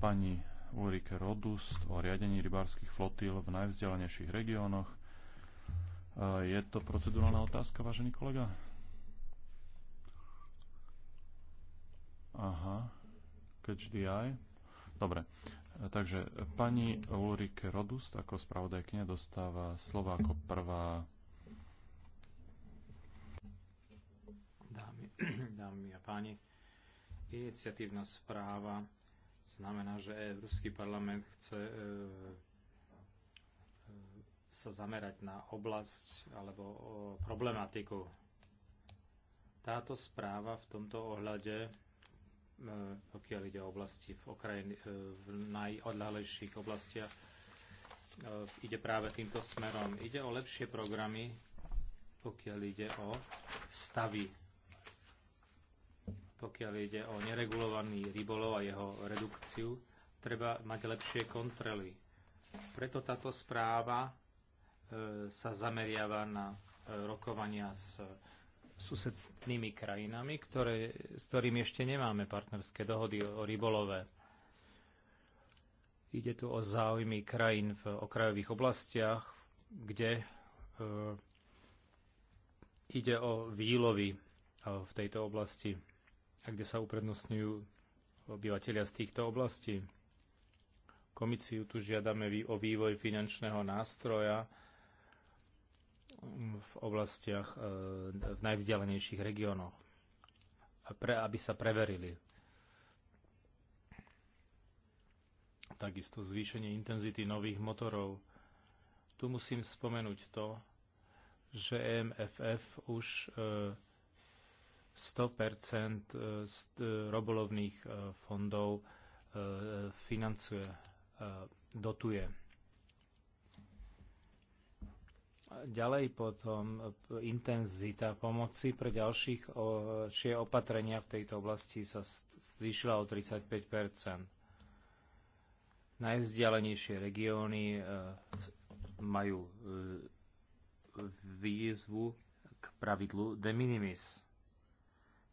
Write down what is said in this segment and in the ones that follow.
pani Ulrike Rodust o riadení rybárskych flotíl v najvzdialenejších regiónoch. Je to procedurálna otázka, vážený kolega? Aha, catch the Dobre, takže pani Ulrike Rodust ako spravodajkne dostáva slovo ako prvá. Dámy, dámy a páni, iniciatívna správa Znamená, že Európsky parlament chce e, e, sa zamerať na oblasť alebo problematiku. Táto správa v tomto ohľade, e, pokiaľ ide o oblasti v, okrajine, v najodľahlejších oblastiach, ide práve týmto smerom. Ide o lepšie programy, pokiaľ ide o stavy pokiaľ ide o neregulovaný rybolov a jeho redukciu, treba mať lepšie kontroly. Preto táto správa e, sa zameriava na e, rokovania s susednými krajinami, ktoré, s ktorými ešte nemáme partnerské dohody o rybolove. Ide tu o záujmy krajín v okrajových oblastiach, kde e, ide o výlovy e, v tejto oblasti kde sa uprednostňujú obyvateľia z týchto oblastí. Komisiu tu žiadame o vývoj finančného nástroja v oblastiach e, v najvzdialenejších regiónoch, aby sa preverili. Takisto zvýšenie intenzity nových motorov. Tu musím spomenúť to, že e MFF už e, 100 e, e, robolovných e, fondov financuje, dotuje. Ďalej potom intenzita pomoci pre ďalších šie opatrenia v tejto oblasti sa zvýšila o 35 Najvzdialenejšie regióny majú výzvu k pravidlu de minimis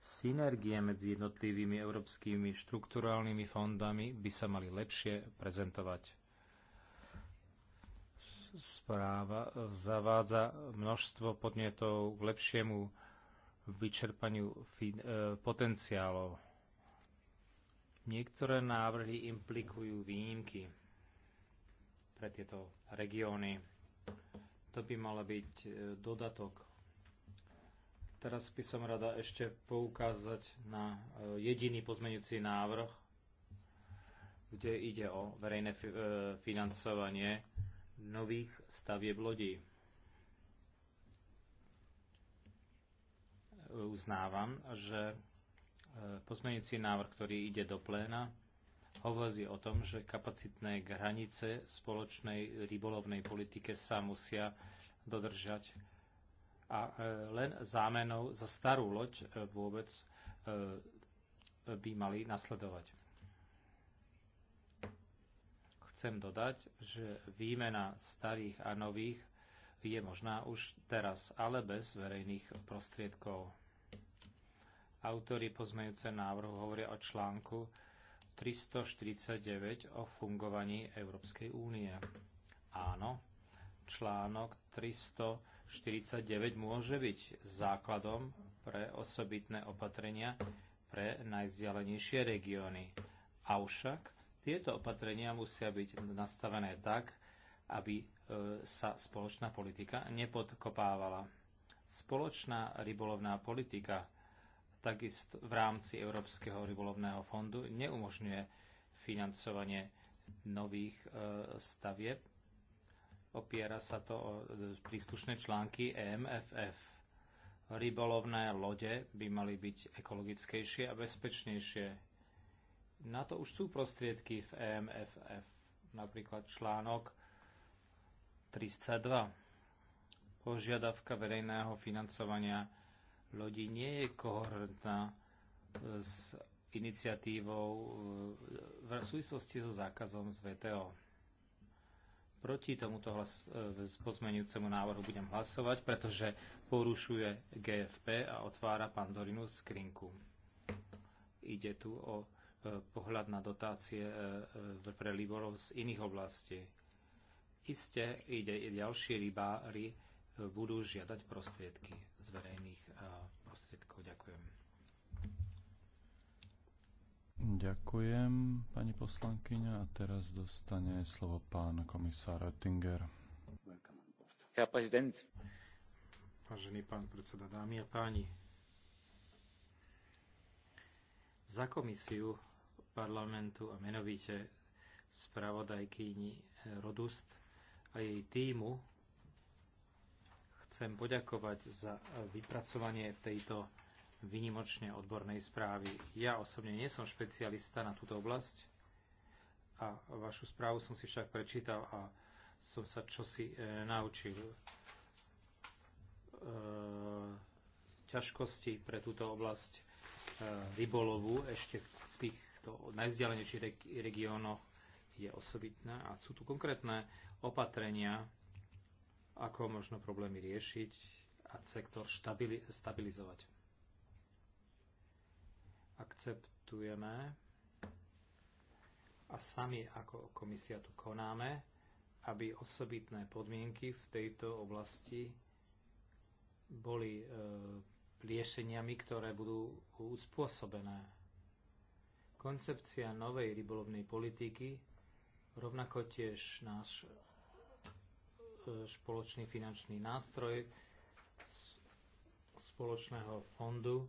Synergie medzi jednotlivými európskymi štrukturálnymi fondami by sa mali lepšie prezentovať. Správa zavádza množstvo podnetov k lepšiemu vyčerpaniu e, potenciálov. Niektoré návrhy implikujú výnimky pre tieto regióny. To by mala byť e, dodatok Teraz by som rada ešte poukázať na e, jediný pozmeňujúci návrh, kde ide o verejné e, financovanie nových stavieb lodí. Uznávam, že e, pozmeňujúci návrh, ktorý ide do pléna, hovorí o tom, že kapacitné hranice spoločnej rybolovnej politike sa musia dodržať a e, len zámenou za starú loď e, vôbec e, by mali nasledovať. Chcem dodať, že výmena starých a nových je možná už teraz, ale bez verejných prostriedkov. Autori pozmejúce návrhu hovoria o článku 349 o fungovaní Európskej únie. Áno, článok 349 49 môže byť základom pre osobitné opatrenia pre najvzdialenejšie regióny. Avšak tieto opatrenia musia byť nastavené tak, aby e, sa spoločná politika nepodkopávala. Spoločná rybolovná politika takisto v rámci Európskeho rybolovného fondu neumožňuje financovanie nových e, stavieb Opiera sa to o e, príslušné články EMFF. Rybolovné lode by mali byť ekologickejšie a bezpečnejšie. Na to už sú prostriedky v EMFF, napríklad článok 32, Požiadavka verejného financovania lodí nie je koherentná e, s iniciatívou e, v súvislosti so zákazom z VTO Proti tomuto hlas- e, pozmenujúcemu návrhu budem hlasovať, pretože porušuje GFP a otvára Pandorinu skrinku. Ide tu o e, pohľad na dotácie e, pre líborov z iných oblastí. Isté ide i ďalší rybári budú žiadať prostriedky z verejných prostriedkov. Ďakujem. Ďakujem, pani poslankyňa. A teraz dostane slovo pán komisár Oettinger. Herr Präsident. Vážený pán predseda, dámy a páni. Za komisiu parlamentu a menovite spravodajkyni Rodust a jej týmu chcem poďakovať za vypracovanie tejto vynimočne odbornej správy. Ja osobne nie som špecialista na túto oblasť a vašu správu som si však prečítal a som sa čosi e, naučil. E, ťažkosti pre túto oblasť e, rybolovu ešte v týchto najzdialenejších re- regiónoch je osobitná a sú tu konkrétne opatrenia, ako možno problémy riešiť a sektor stabilizovať akceptujeme a sami ako komisia tu konáme, aby osobitné podmienky v tejto oblasti boli e, riešeniami, ktoré budú uspôsobené. Koncepcia novej rybolovnej politiky, rovnako tiež náš e, spoločný finančný nástroj spoločného fondu,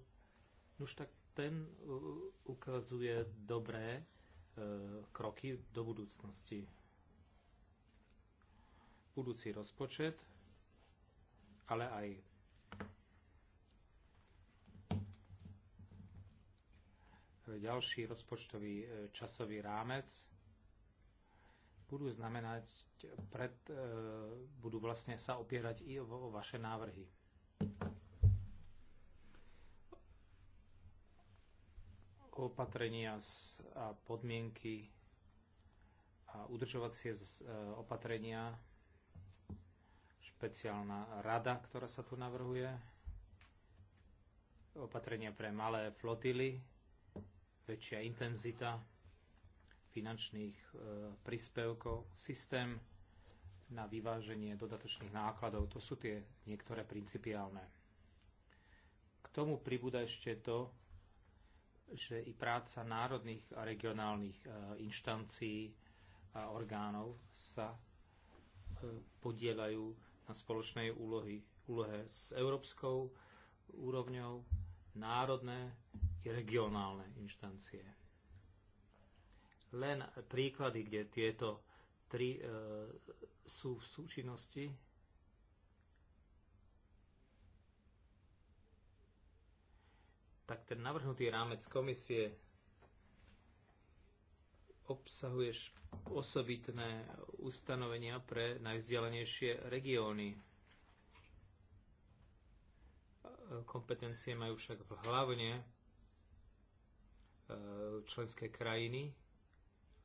už tak ten uh, ukazuje dobré uh, kroky do budúcnosti. Budúci rozpočet, ale aj ďalší rozpočtový uh, časový rámec budú znamenať, pred, budú vlastne sa opierať i o vaše návrhy. opatrenia a podmienky a udržovacie e, opatrenia, špeciálna rada, ktorá sa tu navrhuje, opatrenia pre malé flotily, väčšia intenzita finančných e, príspevkov, systém na vyváženie dodatočných nákladov. To sú tie niektoré principiálne. K tomu pribúda ešte to, že i práca národných a regionálnych e, inštancií a orgánov sa e, podielajú na spoločnej úlohy, úlohe s európskou úrovňou, národné i regionálne inštancie. Len príklady, kde tieto tri e, sú v súčinnosti, tak ten navrhnutý rámec komisie obsahuje osobitné ustanovenia pre najvzdialenejšie regióny. Kompetencie majú však hlavne e, členské krajiny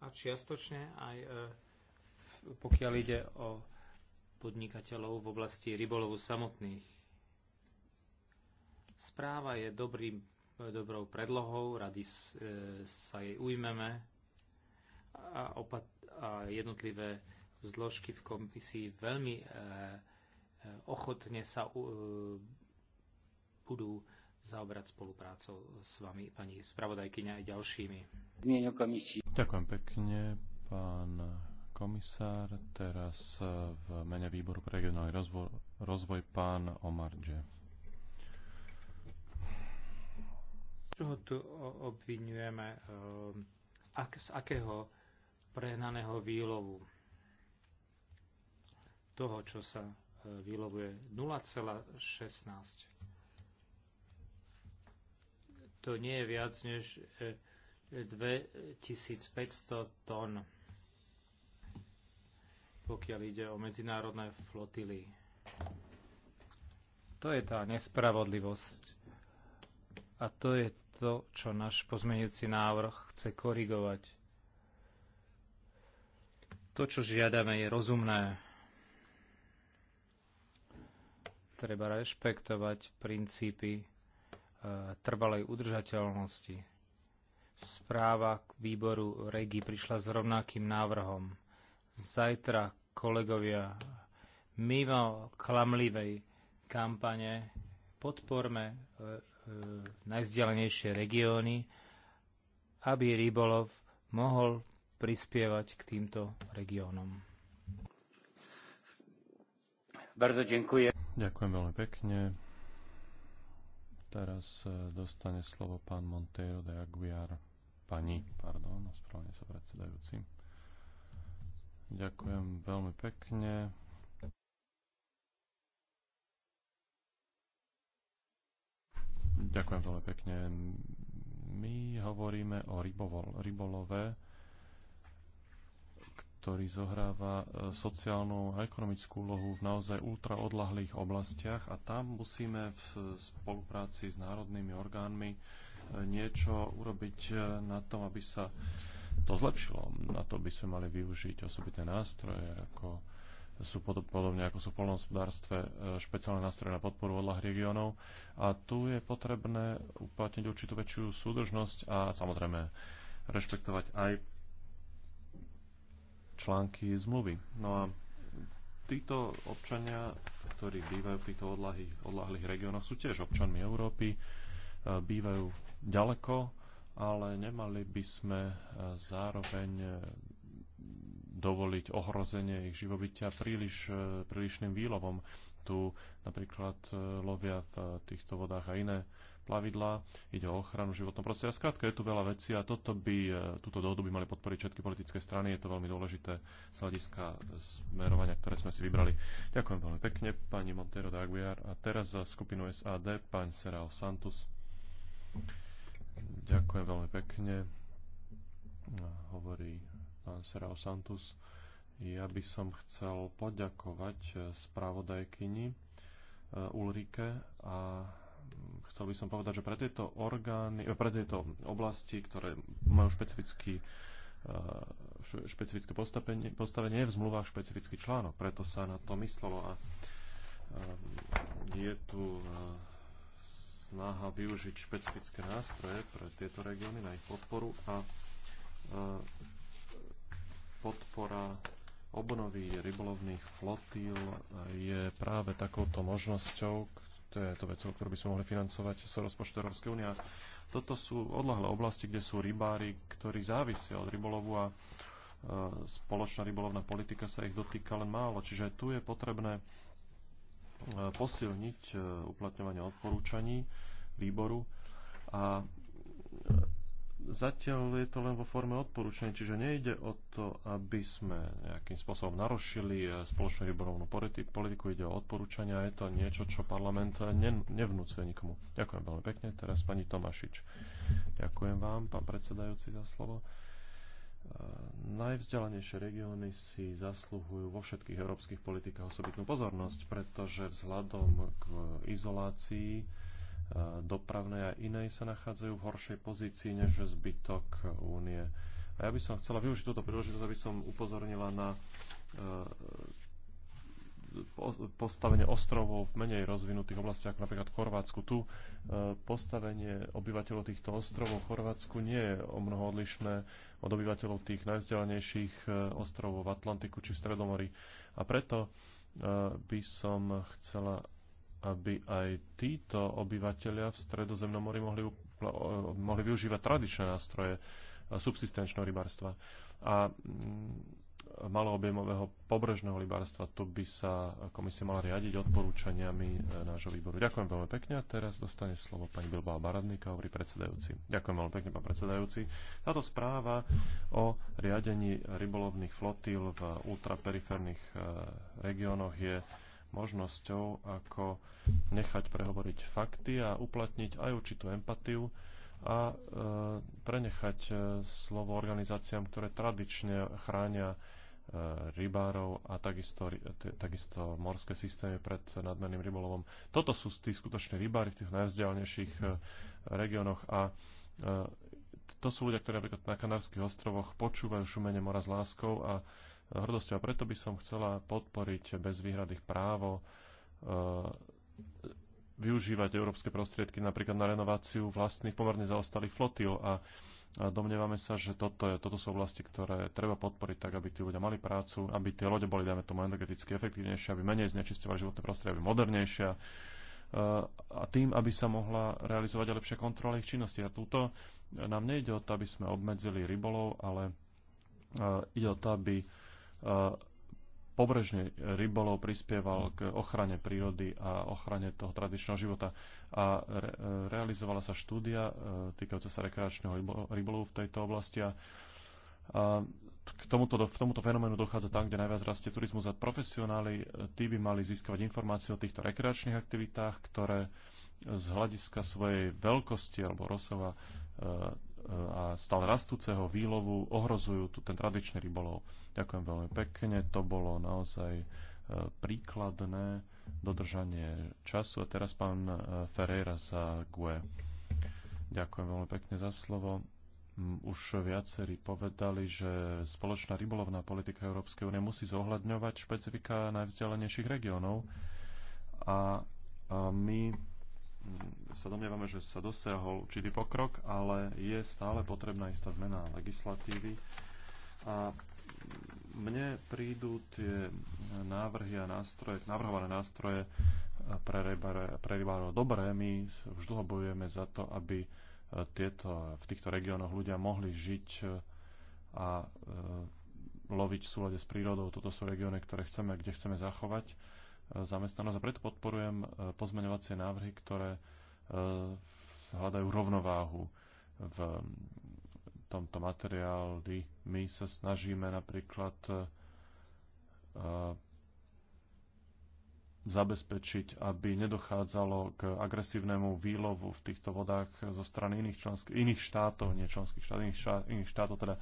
a čiastočne aj e, pokiaľ ide o podnikateľov v oblasti rybolovu samotných. Správa je dobrým dobrou predlohou, rady e, sa jej ujmeme a, opat- a jednotlivé zložky v komisii veľmi e, e, ochotne sa budú zaobrať spoluprácou s vami, pani spravodajkyňa, aj ďalšími. Ďakujem pekne, pán komisár. Teraz v mene výboru pre regionálny rozvoj, rozvoj pán Omarže. čoho tu obvinujeme? E, ak, z akého prehnaného výlovu? Toho, čo sa e, výlovuje 0,16. To nie je viac než 2500 e, tón, pokiaľ ide o medzinárodné flotily. To je tá nespravodlivosť a to je to, čo náš pozmeňujúci návrh chce korigovať. To, čo žiadame, je rozumné. Treba rešpektovať princípy e, trvalej udržateľnosti. Správa k výboru REGI prišla s rovnakým návrhom. Zajtra, kolegovia, mimo klamlivej kampane podporme e, E, najvzdialenejšie regióny, aby rybolov mohol prispievať k týmto regiónom. Bardzo dziękuję. Ďakujem veľmi pekne. Teraz e, dostane slovo pán Monteiro de Aguiar. Pani, pardon, správne sa predsedajúci. Ďakujem veľmi pekne. Ďakujem veľmi pekne. My hovoríme o rybovol, rybolove, ktorý zohráva e, sociálnu a ekonomickú úlohu v naozaj ultraodlahlých oblastiach a tam musíme v spolupráci s národnými orgánmi e, niečo urobiť e, na tom, aby sa to zlepšilo. Na to by sme mali využiť osobité nástroje ako sú podobne ako sú v polnohospodárstve e, špeciálne nástroje na podporu odlah regiónov. A tu je potrebné uplatniť určitú väčšiu súdržnosť a samozrejme rešpektovať aj články zmluvy. No a títo občania, ktorí bývajú v týchto odlahých odlahlých regiónoch, sú tiež občanmi Európy, e, bývajú ďaleko, ale nemali by sme e, zároveň dovoliť ohrozenie ich živobytia príliš, e, prílišným výlovom. Tu napríklad e, lovia v týchto vodách a iné plavidlá, ide o ochranu životného prostredia. Skrátka je tu veľa vecí a toto by, e, túto dohodu by mali podporiť všetky politické strany. Je to veľmi dôležité z hľadiska smerovania, ktoré sme si vybrali. Ďakujem veľmi pekne, pani Montero de Aguiar. A teraz za skupinu SAD, pán Serao Santus. Ďakujem veľmi pekne. Hovorí Pán Serao Santus. Ja by som chcel poďakovať eh, spravodajkyni eh, Ulrike a chcel by som povedať, že pre tieto, orgány, eh, pre tieto oblasti, ktoré majú špecifický špecifické postavenie, postavenie je v zmluvách špecifický článok, preto sa na to myslelo a ehm, je tu snaha využiť špecifické nástroje pre tieto regióny na ich podporu a podpora obnovy rybolovných flotíl je práve takouto možnosťou, to je to vec, ktorú by sme mohli financovať z rozpočtu Európskej únie. Toto sú odlahlé oblasti, kde sú rybári, ktorí závisia od rybolovu a e, spoločná rybolovná politika sa ich dotýka len málo. Čiže tu je potrebné e, posilniť e, uplatňovanie odporúčaní výboru a Zatiaľ je to len vo forme odporúčania, čiže nejde o to, aby sme nejakým spôsobom narošili eh, spoločnú rybolovnú politiku, ide o odporúčania, je to niečo, čo parlament eh, nevnúcuje nikomu. Ďakujem veľmi pekne. Teraz pani Tomašič. Ďakujem vám, pán predsedajúci, za slovo. Eh, Najvzdelanejšie regióny si zasluhujú vo všetkých európskych politikách osobitnú pozornosť, pretože vzhľadom k izolácii dopravnej a inej sa nachádzajú v horšej pozícii než zbytok únie. A ja by som chcela využiť túto príležitosť, aby som upozornila na e, postavenie ostrovov v menej rozvinutých oblastiach, ako napríklad v Chorvátsku. Tu e, postavenie obyvateľov týchto ostrovov v Chorvátsku nie je o mnoho odlišné od obyvateľov tých najvzdelanejších e, ostrovov v Atlantiku či v Stredomorí. A preto by som chcela aby aj títo obyvateľia v Stredozemnom mori mohli, mohli využívať tradičné nástroje eh, subsistenčného rybárstva. A mm, maloobjemového pobrežného rybarstva. Tu by sa komisia mala riadiť odporúčaniami eh, nášho výboru. Ďakujem veľmi pekne a teraz dostane slovo pani Bilbao Baradníka, hovorí predsedajúci. Ďakujem veľmi pekne, pán predsedajúci. Táto správa o riadení rybolovných flotíl v ultraperiférnych eh, regiónoch je možnosťou, ako nechať prehovoriť fakty a uplatniť aj určitú empatiu a e, prenechať e, slovo organizáciám, ktoré tradične chránia e, rybárov a takisto, takisto morské systémy pred nadmerným rybolovom. Toto sú tí skutoční rybári v tých najvzdialnejších e, regiónoch a to sú ľudia, ktorí napríklad na Kanárskych ostrovoch počúvajú šumenie mora s láskou a hrdosťou. A preto by som chcela podporiť bez výhradých právo e, využívať európske prostriedky napríklad na renováciu vlastných pomerne zaostalých flotil a domnievame sa, že toto, je, toto sú oblasti, ktoré treba podporiť tak, aby tí ľudia mali prácu, aby tie lode boli, dajme tomu, energeticky efektívnejšie, aby menej znečistovali životné prostredie, aby modernejšia e, a tým, aby sa mohla realizovať aj lepšia kontrola ich činnosti. A túto e, nám nejde o to, aby sme obmedzili rybolov, ale ide o to, aby E, pobrežný rybolov prispieval k ochrane prírody a ochrane toho tradičného života. A re, e, realizovala sa štúdia e, týkajúca sa rekreačného rybolovu v tejto oblasti a, k tomuto, k tomuto fenoménu dochádza tam, kde najviac rastie turizmus a profesionáli, tí by mali získavať informácie o týchto rekreačných aktivitách, ktoré z hľadiska svojej veľkosti alebo rozsahu a stále rastúceho výlovu ohrozujú tu ten tradičný rybolov. Ďakujem veľmi pekne, to bolo naozaj e, príkladné dodržanie času. A teraz pán e, Ferreira za GUE. Ďakujem veľmi pekne za slovo. Už viacerí povedali, že spoločná rybolovná politika Európskej únie musí zohľadňovať špecifika najvzdialenejších regiónov a my sa domnievame, že sa dosiahol určitý pokrok, ale je stále potrebná istá zmena legislatívy. A mne prídu tie návrhy a nástroje, navrhované nástroje pre, pre rybárov dobré. My už dlho bojujeme za to, aby e, tieto, v týchto regiónoch ľudia mohli žiť e, a e, loviť v súlade s prírodou. Toto sú regióny, ktoré chceme, kde chceme zachovať zamestnanosť. A preto podporujem e, pozmeňovacie návrhy, ktoré e, hľadajú rovnováhu v tomto materiáli. My sa snažíme napríklad e, zabezpečiť, aby nedochádzalo k agresívnemu výlovu v týchto vodách zo strany iných, člensk- iných štátov, nie členských štátov, iných, štát, iných štátov, teda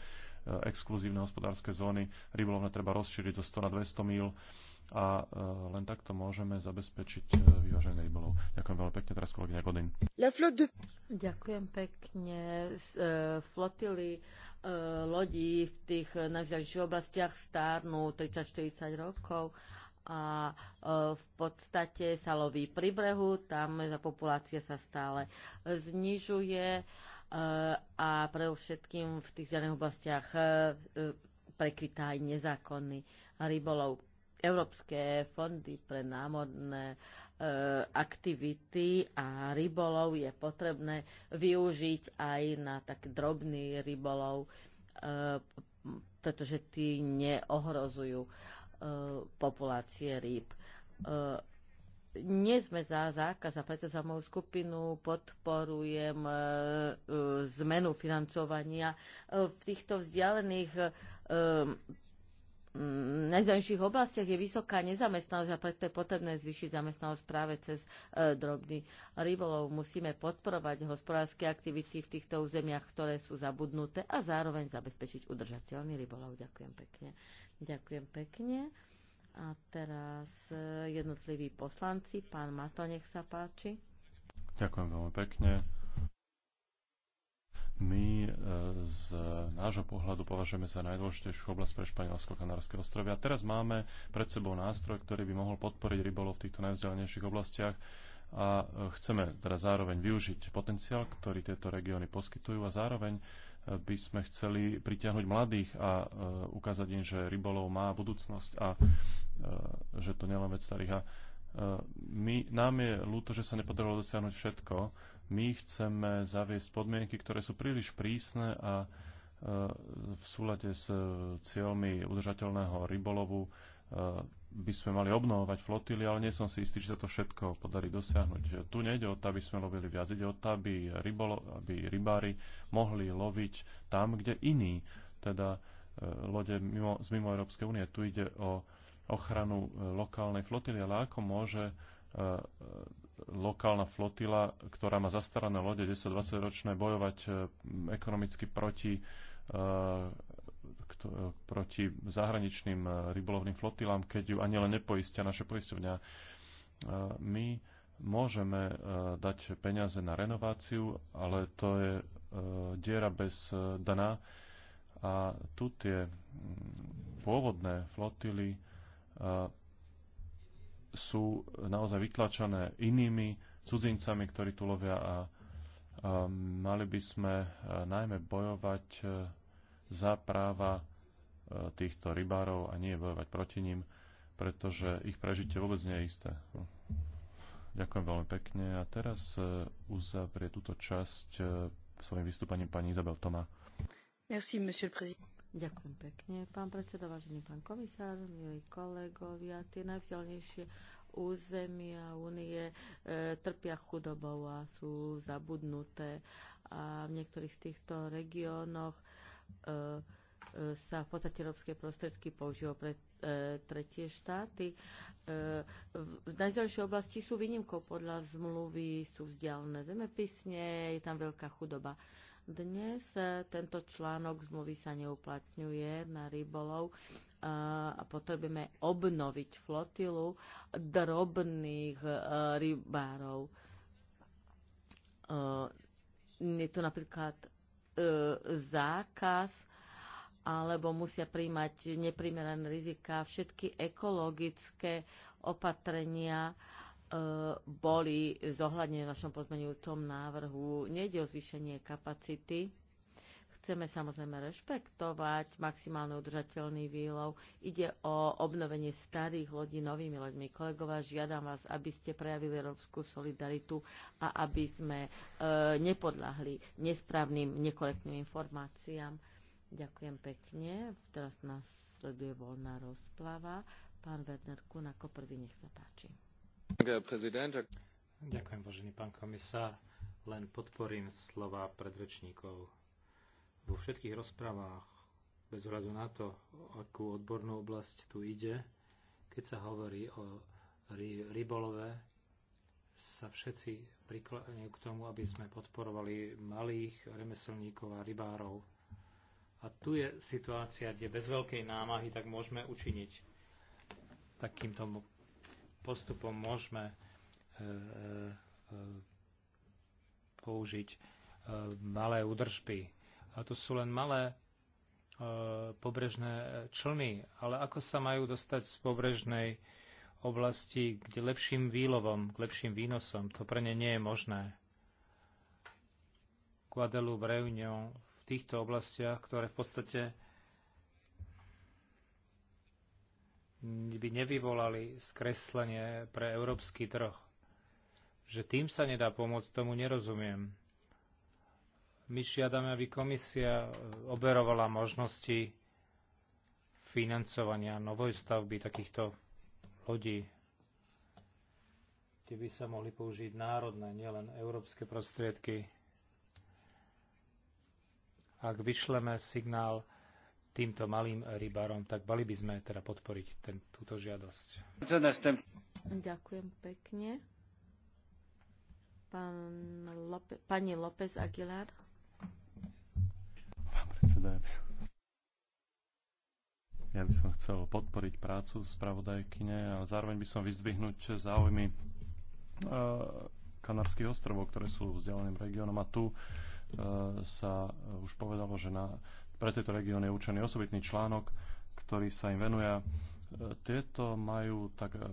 exkluzívne hospodárske zóny Rybolovne treba rozšíriť zo 100 na 200 míl a e, len takto môžeme zabezpečiť e, vyvážený rybolov. Ďakujem veľmi pekne, teraz kolegyňa Godin. Ďakujem pekne. E, flotily lodí v tých najvzalších oblastiach stárnu 30-40 rokov a v podstate sa loví pri brehu, tam za populácia sa stále znižuje a pre všetkým v tých zelených oblastiach prekrytá aj nezákonný rybolov. Európske fondy pre námorné e, aktivity a rybolov je potrebné využiť aj na tak drobný rybolov, e, pretože tí neohrozujú e, populácie rýb. E, nie sme za zákaz a preto za moju skupinu podporujem e, e, zmenu financovania v týchto vzdialených Mm, najzdanejších oblastiach je vysoká nezamestnanosť a preto je potrebné zvyšiť zamestnanosť práve cez e, drobný rybolov. Musíme podporovať hospodárske aktivity v týchto územiach, ktoré sú zabudnuté a zároveň zabezpečiť udržateľný rybolov. Ďakujem pekne. Ďakujem pekne. A teraz e, jednotliví poslanci. Pán Mato, nech sa páči. Ďakujem veľmi pekne. My e, z nášho pohľadu považujeme za najdôležitejšiu oblasť pre Španielsko-Kanárske ostrovy. A teraz máme pred sebou nástroj, ktorý by mohol podporiť rybolov v týchto najvzdialenejších oblastiach a e, chceme teda zároveň využiť potenciál, ktorý tieto regióny poskytujú a zároveň e, by sme chceli pritiahnuť mladých a ukázať im, že rybolov má budúcnosť a že to nielen vec starých. A my, nám je ľúto, že sa nepodarilo dosiahnuť všetko, my chceme zaviesť podmienky, ktoré sú príliš prísne a e, v súlade s e, cieľmi udržateľného rybolovu e, by sme mali obnovovať flotily, ale nie som si istý, či sa to všetko podarí dosiahnuť. Tu nejde o to, aby sme lovili viac, ide o to, aby, rybolo, aby rybári mohli loviť tam, kde iní, teda lode mimo, z mimo Európskej únie. Tu ide o ochranu lokálnej flotily, ale ako môže lokálna flotila, ktorá má zastarané lode 10-20 ročné, bojovať e, ekonomicky proti, e, e, proti zahraničným rybolovným flotilám, keď ju ani len nepoistia naše poistovňa. My môžeme dať peniaze na renováciu, ale to je diera bez dna a tu tie pôvodné flotily sú naozaj vytlačené inými cudzincami, ktorí tu lovia a mali by sme e, najmä bojovať e, za práva e, týchto rybárov a nie bojovať proti ním, pretože ich prežitie vôbec nie je isté. Ďakujem veľmi pekne a teraz uzavrie túto časť svojim vystúpaním pani Izabel Toma. Merci, monsieur le président. Ďakujem pekne. Pán predseda, vážený pán komisár, milí kolegovia, tie najvzdialnejšie územia únie e, trpia chudobou a sú zabudnuté. A v niektorých z týchto regiónoch e, e, sa v podstate európske prostriedky používajú pre e, tretie štáty. E, v najzdelejšej oblasti sú výnimkou podľa zmluvy, sú vzdialené zemepisne, je tam veľká chudoba. Dnes e, tento článok zmluvy sa neuplatňuje na rybolov e, a potrebujeme obnoviť flotilu drobných e, rybárov. Je tu napríklad zákaz alebo musia príjmať neprimerané rizika, všetky ekologické opatrenia, E, boli zohľadnené v našom tom návrhu. Nejde o zvýšenie kapacity, chceme samozrejme rešpektovať maximálne udržateľný výlov. Ide o obnovenie starých lodí novými loďmi. Kolegova. žiadam vás, aby ste prejavili európsku solidaritu a aby sme e, nepodľahli nesprávnym, nekorektným informáciám. Ďakujem pekne. Teraz nás sleduje voľná rozplava. Pán Werner Kuna ako prvý, nech sa páči. Ďakujem, vážený pán komisár. Len podporím slova predrečníkov. Vo všetkých rozprávach, bez ohľadu na to, akú odbornú oblasť tu ide, keď sa hovorí o rybolove, sa všetci prikláňajú k tomu, aby sme podporovali malých remeselníkov a rybárov. A tu je situácia, kde bez veľkej námahy tak môžeme učiniť takýmto postupom môžeme e, e, e, použiť malé údržby. A to sú len malé pobrežné člny, ale ako sa majú dostať z pobrežnej oblasti k lepším výlovom, k lepším výnosom, to pre ne nie je možné. Guadeloupe, Reunion, v týchto oblastiach, ktoré v podstate by nevyvolali skreslenie pre európsky trh. Že tým sa nedá pomôcť, tomu nerozumiem. My žiadame, aby komisia e, oberovala možnosti financovania novej stavby takýchto lodí, kde by sa mohli použiť národné, nielen európske prostriedky. Ak vyšleme signál, týmto malým rybárom, tak mali by sme teda podporiť ten, túto žiadosť. Ďakujem pekne. Pán Lope, pani López Aguilar. Pán predseda, ja by, som, ja by som chcel podporiť prácu spravodajkyne, ale zároveň by som vyzdvihnúť záujmy e, Kanárskych ostrovov, ktoré sú vzdialeným regiónom a tu e, sa už povedalo, že na pre tieto regióny je určený osobitný článok, ktorý sa im venuje. E, tieto majú, tak, e,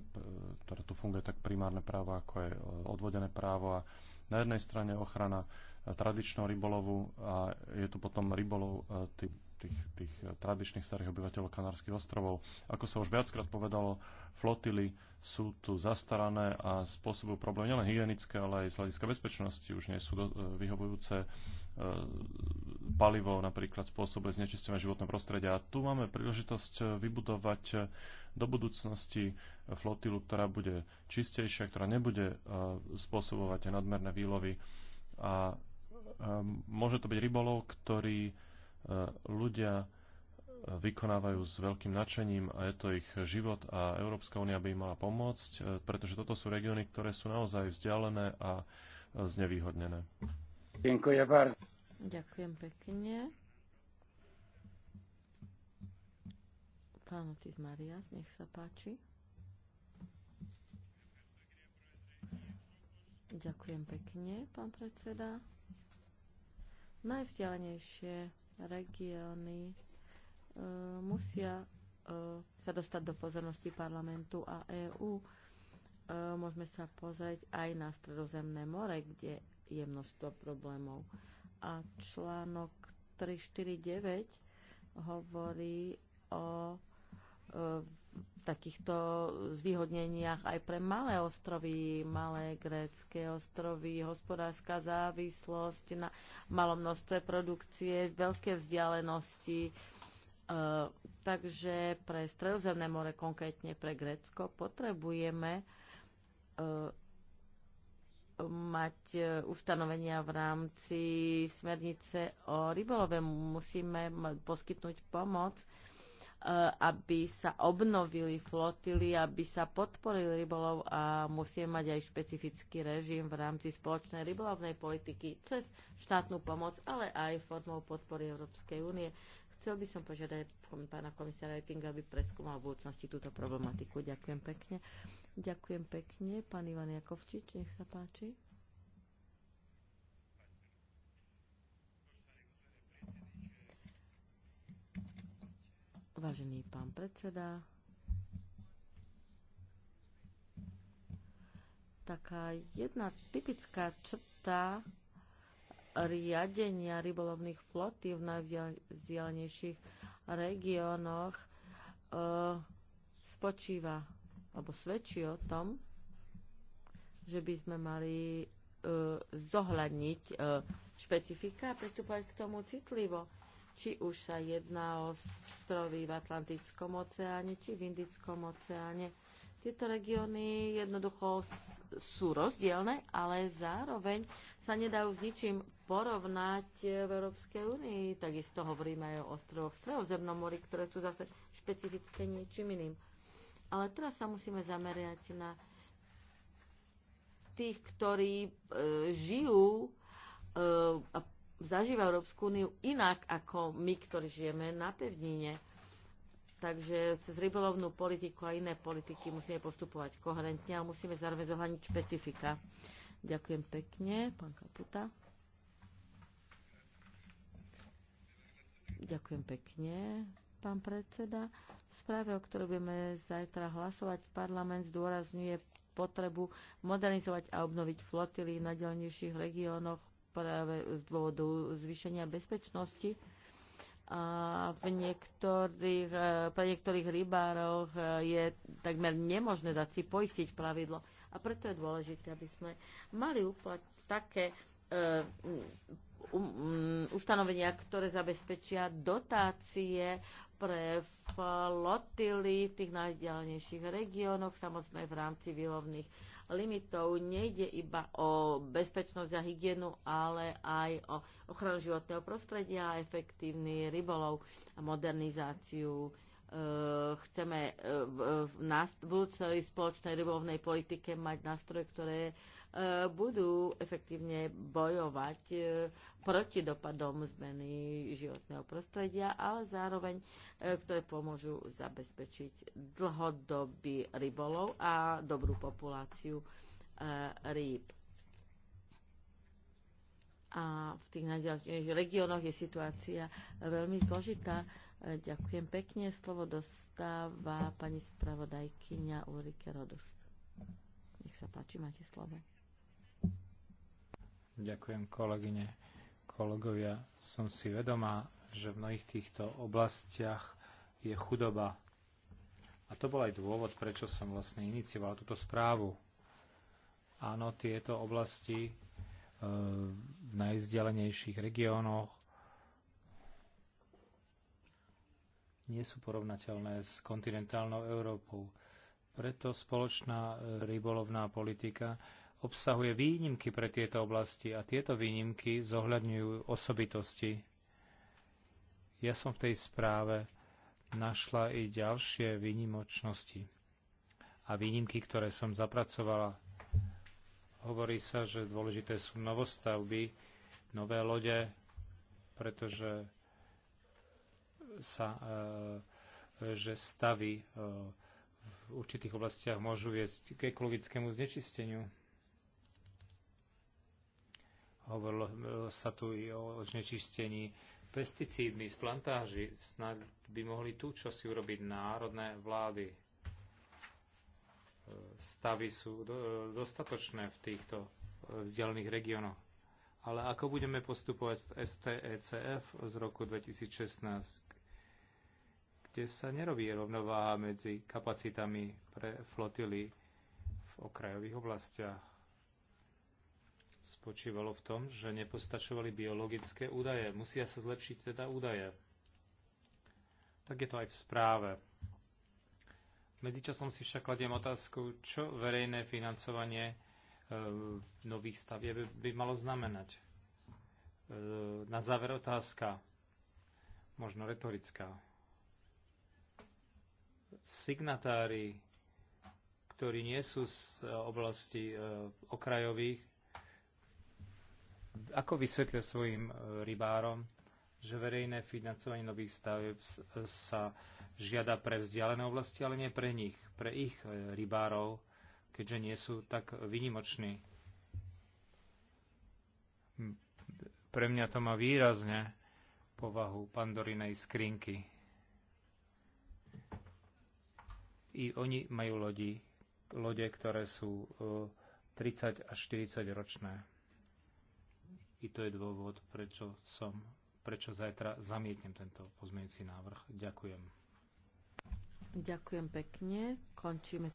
teda tu funguje tak primárne právo, ako je odvodené právo a na jednej strane ochrana e, tradičného rybolovu a je tu potom rybolov tých, tých, tých tradičných starých obyvateľov Kanárskych ostrovov. Ako sa už viackrát povedalo, flotily sú tu zastarané a spôsobujú problémy nielen hygienické, ale aj z hľadiska bezpečnosti už nie sú vyhovujúce. E, palivo napríklad spôsobuje znečistenie životného prostredia. A tu máme príležitosť e, vybudovať e, do budúcnosti flotilu, ktorá bude čistejšia, ktorá nebude spôsobovať nadmerné výlovy. A môže to byť rybolov, ktorý ľudia vykonávajú s veľkým nadšením a je to ich život a Európska únia by im mala pomôcť, pretože toto sú regióny, ktoré sú naozaj vzdialené a znevýhodnené. Ďakujem, pekne. Pán Otis Marias, nech sa páči. Ďakujem pekne, pán predseda. Najvzdialenejšie regióny e, musia e, sa dostať do pozornosti parlamentu a EÚ. E, môžeme sa pozrieť aj na Stredozemné more, kde je množstvo problémov. A článok 349 hovorí o e, takýchto zvýhodneniach aj pre malé ostrovy, malé grécké ostrovy, hospodárska závislosť na malom množstve produkcie, veľké vzdialenosti. E, takže pre Stredozemné more, konkrétne pre Grécko, potrebujeme e, mať e, ustanovenia v rámci smernice o rybolove. Musíme poskytnúť pomoc, e, aby sa obnovili flotily, aby sa podporili rybolov a musíme mať aj špecifický režim v rámci spoločnej rybolovnej politiky cez štátnu pomoc, ale aj formou podpory Európskej únie. Chcel by som požiadať pána komisára Ettinga, aby preskúmal v budúcnosti túto problematiku. Ďakujem pekne. Ďakujem pekne. Pán Ivan Jakovčič, nech sa páči. Vážený pán predseda, taká jedna typická črta riadenia rybolovných flotí v najvzdialenejších regiónoch e, spočíva alebo svedčí o tom, že by sme mali e, zohľadniť e, špecifika a pristupovať k tomu citlivo. Či už sa jedná o ostrovy v Atlantickom oceáne, či v Indickom oceáne. Tieto regióny jednoducho sú rozdielne, ale zároveň sa nedajú s ničím porovnať v Európskej únii. Takisto hovoríme aj o ostrovoch v Stredozemnom mori, ktoré sú zase špecifické niečím iným. Ale teraz sa musíme zamerať na tých, ktorí e, žijú e, a zažívajú Európsku úniu inak ako my, ktorí žijeme na pevnine. Takže cez rybolovnú politiku a iné politiky musíme postupovať koherentne a musíme zároveň zohľadniť špecifika. Ďakujem pekne, pán Kaputa. Ďakujem pekne, pán predseda. V správe, o ktorej budeme zajtra hlasovať, parlament zdôrazňuje potrebu modernizovať a obnoviť flotily na ďalnejších regiónoch práve z dôvodu zvýšenia bezpečnosti. A v niektorých, e, pre niektorých rybároch e, je takmer nemožné dať si poistiť plavidlo. A preto je dôležité, aby sme mali úplne také e, Um, ustanovenia, ktoré zabezpečia dotácie pre flotily v tých najďalnejších regiónoch, samozrejme v rámci výlovných limitov. Nejde iba o bezpečnosť a hygienu, ale aj o ochranu životného prostredia a efektívny rybolov a modernizáciu e, chceme e, v, v, v budúcej spoločnej rybovnej politike mať nástroje, ktoré E, budú efektívne bojovať e, proti dopadom zmeny životného prostredia, ale zároveň, e, ktoré pomôžu zabezpečiť dlhodobý rybolov a dobrú populáciu rýb. A v tých najďalších regiónoch je situácia veľmi zložitá. Ďakujem pekne. Slovo dostáva pani spravodajkyňa Ulrike Rodost. Nech sa páči, máte slovo. Ďakujem kolegyne, kolegovia. Som si vedomá, že v mnohých týchto oblastiach je chudoba. A to bol aj dôvod, prečo som vlastne inicioval túto správu. Áno, tieto oblasti e, v najvzdialenejších regiónoch nie sú porovnateľné s kontinentálnou Európou. Preto spoločná rybolovná politika obsahuje výnimky pre tieto oblasti a tieto výnimky zohľadňujú osobitosti. Ja som v tej správe našla i ďalšie výnimočnosti a výnimky, ktoré som zapracovala. Hovorí sa, že dôležité sú novostavby, nové lode, pretože sa, e, že stavy e, v určitých oblastiach môžu viesť k ekologickému znečisteniu. Hovorilo sa tu i o znečistení pesticídmi z plantáži. Snad by mohli tu čo si urobiť národné vlády. E, stavy sú e, dostatočné v týchto e, vzdialených regiónoch. Ale ako budeme postupovať z STECF z roku 2016, kde sa nerobí rovnováha medzi kapacitami pre flotily v okrajových oblastiach? spočívalo v tom, že nepostačovali biologické údaje. Musia sa zlepšiť teda údaje. Tak je to aj v správe. Medzičasom si však kladiem otázku, čo verejné financovanie e, nových stavieb by, by malo znamenať. E, na záver otázka, možno retorická. Signatári, ktorí nie sú z oblasti e, okrajových, ako vysvetlil svojim e, rybárom, že verejné financovanie nových stavieb e, sa žiada pre vzdialené oblasti, ale nie pre nich, pre ich e, rybárov, keďže nie sú tak vynimoční. Hm, pre mňa to má výrazne povahu pandorinej skrinky. I oni majú lodi, lode, ktoré sú 30 až 40 ročné. I to je dôvod, prečo, som, prečo zajtra zamietnem tento pozmeňujúci návrh. Ďakujem. Ďakujem pekne. Končíme.